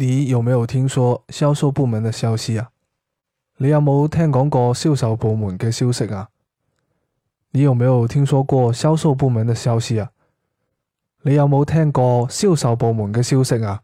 你有沒有聽說銷售部門的消息啊？你有冇聽講過銷售部門嘅消息啊？你有沒有聽說過銷售部門的消息啊？你有冇聽過銷售部門嘅消息啊？